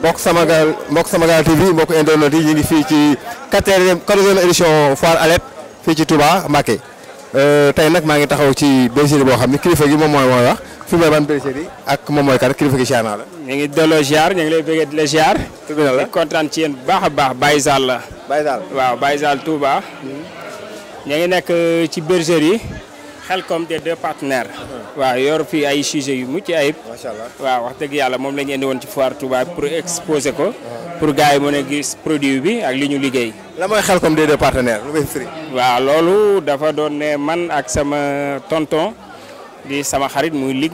mbokk Samagal mbokk Samagal TV mbokk internet yi ñu ngi fii ci quatrième quatorzième édition foar Alep fi ci Touba Mbacké euh, tay nak ma ngi taxaw ci bergerie bo xamni kilifa gi mom moy moy wax fi may ban bergerie ak mom moy kan kilifa gi ziar la. ñi ngi delloo ziar ñi ngi lay bëggé di ziar. tur bi la contane ci yeen baax baax bayzal la. bayzal waaw bayzal Touba. ñi ngi nek ci bergerie Comme des deux partenaires. waaw yor fii ay sujets yu mucc ayib. waaw wax dëgg yàlla moom indi ci pour exposer ko. pour gars yi mën gis produit bi ak li ñu la mooy des deux partenaires lu waaw loolu dafa man ak sama tonton di sama xarit muy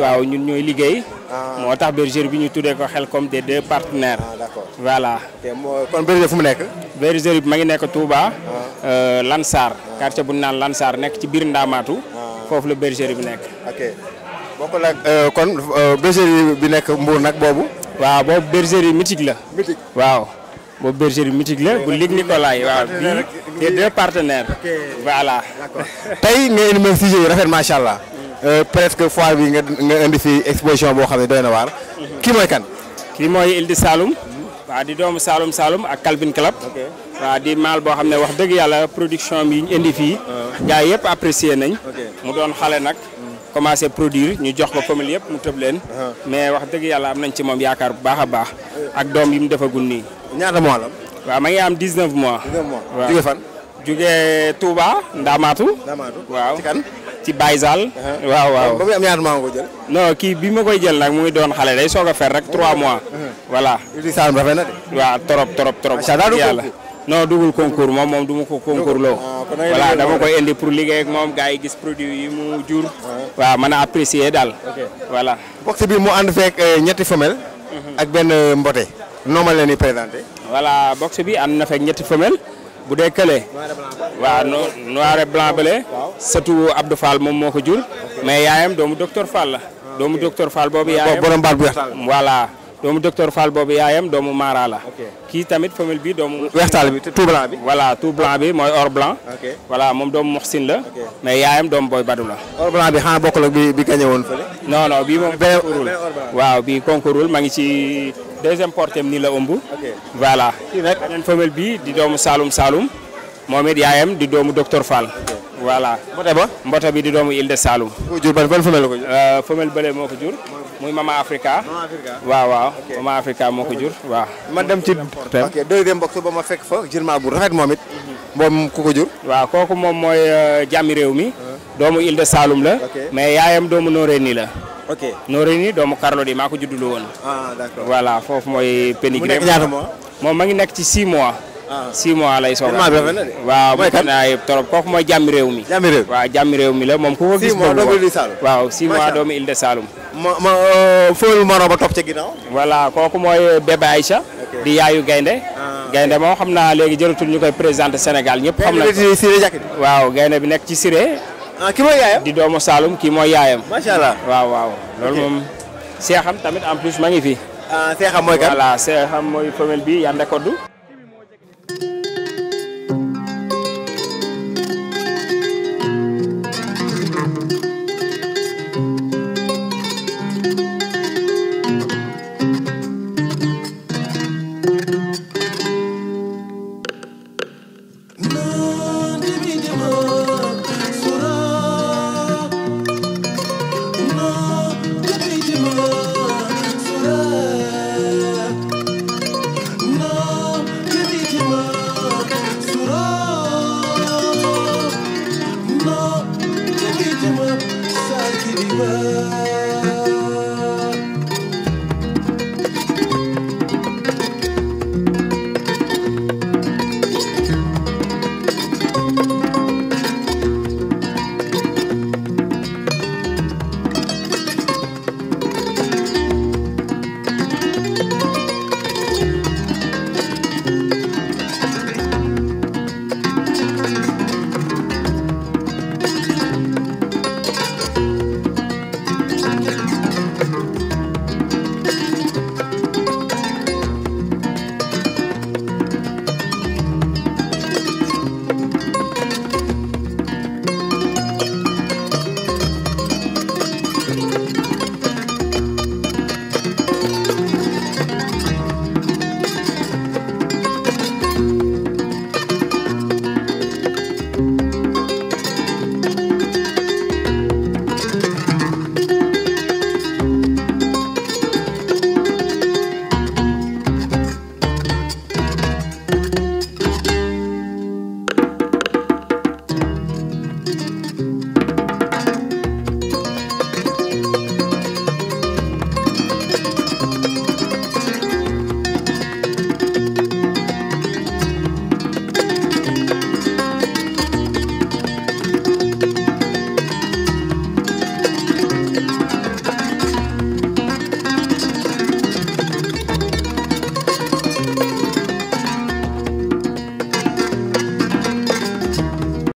waaw ñun ah. tax bi ñu ko des deux partenaires. Ah, voilà. kon berger fu mu nekk. bi ah. euh, Lansar. quartier bu ñu naan Lansar nekk ci biir Ndaamaatu. Ah. foofu la bergerie bi nekk. ok bokkul euh, kon euh, bergerie bu nekk Mbour nag boobu. waaw boobu bergerie mythique la. mythique waaw. boobu bergerie mythique la bu Ligue Nicolas yi waaw bii deux partenaires. voilà. tey nga indi ma sujet yu rafet macha allah. Mm. Euh, presque foire bi nga nga indi fi exposition boo xam ne doy na waar. Mm-hmm. kii mooy kan. kii mooy Île du Saloum. waaw di doomu Saalum Saalum ak Calvin Club. waaw di maal boo xam ne wax dëgg yàlla production bi ñu indi fii. Uh. gars yëpp apprécier nañ. mu doon xale nag. commencé produire ñu jox ko uh. famille yëpp mu tëb leen. Uh. mais wax dëgg yàlla am nañ ci moom yaakaar baax a baax. ak doom yi mu defagul nii. ñaata mois la. waaw ma ngi am 19 mois. 19 mois jóge Juga Touba Ndamaatu. Ndamaatu waaw ci kan. ci bayzal Sall. Uh-huh. waaw waaw ba am ñaar ma ngi jël. non ki bi ma koy jël nak muy doon xalé day soga fer rek 3 mois. Uh-huh. Uh-huh. voilà. Idrissa Sall ça na de. waaw trop trop torop macha allah yàlla non dougul concours mom mom du ko concours lo ah, voilà dama koy indi pour liguey ak mom gaay gis produit yi mu jur. waaw mën apprécier dal voilà. box bi mu and fek eh, ñetti femelle. ak ben eh, mboté noo ma leen voilà box bi ànd na fek ñetti femelle. bu dee kële. waaw noir et blanc bële. sëtu Abdou Fall moom moo ko jur. mais yaayam doomu docteur Fall la. Ah, doomu docteur Fall boobu yaayam borom baat bu weex voilà doomu docteur Fall boobu yaayam doomu la. kii tamit famille bi doomu. weextaal bi tout blanc bi. voilà tout blanc mooy or blanc. voilà moom doomu Moxsin la. mais yaayam doomu Boy Badu la. or blanc bi xanaa bokkul ak bi bi woon fële. non non moom. beneen or blanc waaw bii concourul ma ngi ci. deuxième portem nii la ëmb. voilà beneen bi di doomu saalum saalum moom it di doomu docteur Fall. voilà mbote ba mbote bi di doomu Ile de Saloum. moo jur ban euh, moo ko muy Mama Africa. waaw waaw. Mama Africa moo waaw. ma dem ci portem ok deuxième ba ma fekk fa jërëmaa bu rafet moom it. Mhm. moom waaw kooku moom mooy euh, jàmmi réew mi. Euh. doomu Île de Saloum la. mais yaayam doomu Noreyni la. ok Noreyni doomu Karlo di maa ko juddulu woon. ah foofu mooy. pénigré mu nekk ñaata moom ma ngi nekk ci 6 mois. ah 6 mois lay soog a. waaw mooy kan waaw trop kooku mooy jàmmi réew mi. jàmmi réew waaw jàmmi réew mi la moom ku ko gis. waaw 6 mois doomu Île de ma ma euh, fóoyul maro ba topp ca ginnaaw. kooku mooy bébé Aïcha. di yaayu gaynde ah, gaynde moom xam naa léegi jëratul ñu koy présenté Sénégal ñëpp. xam na waaw gaynde bi nekk ci Siré ah ki mooy yaayam di doomu salum ki moy yaayam. macha allah waaw waaw. loolu mom cheikham tamit en plus ma fi. ah cheikham moy kan wala cheikham moy femelle bi Yande Koddu. Oh.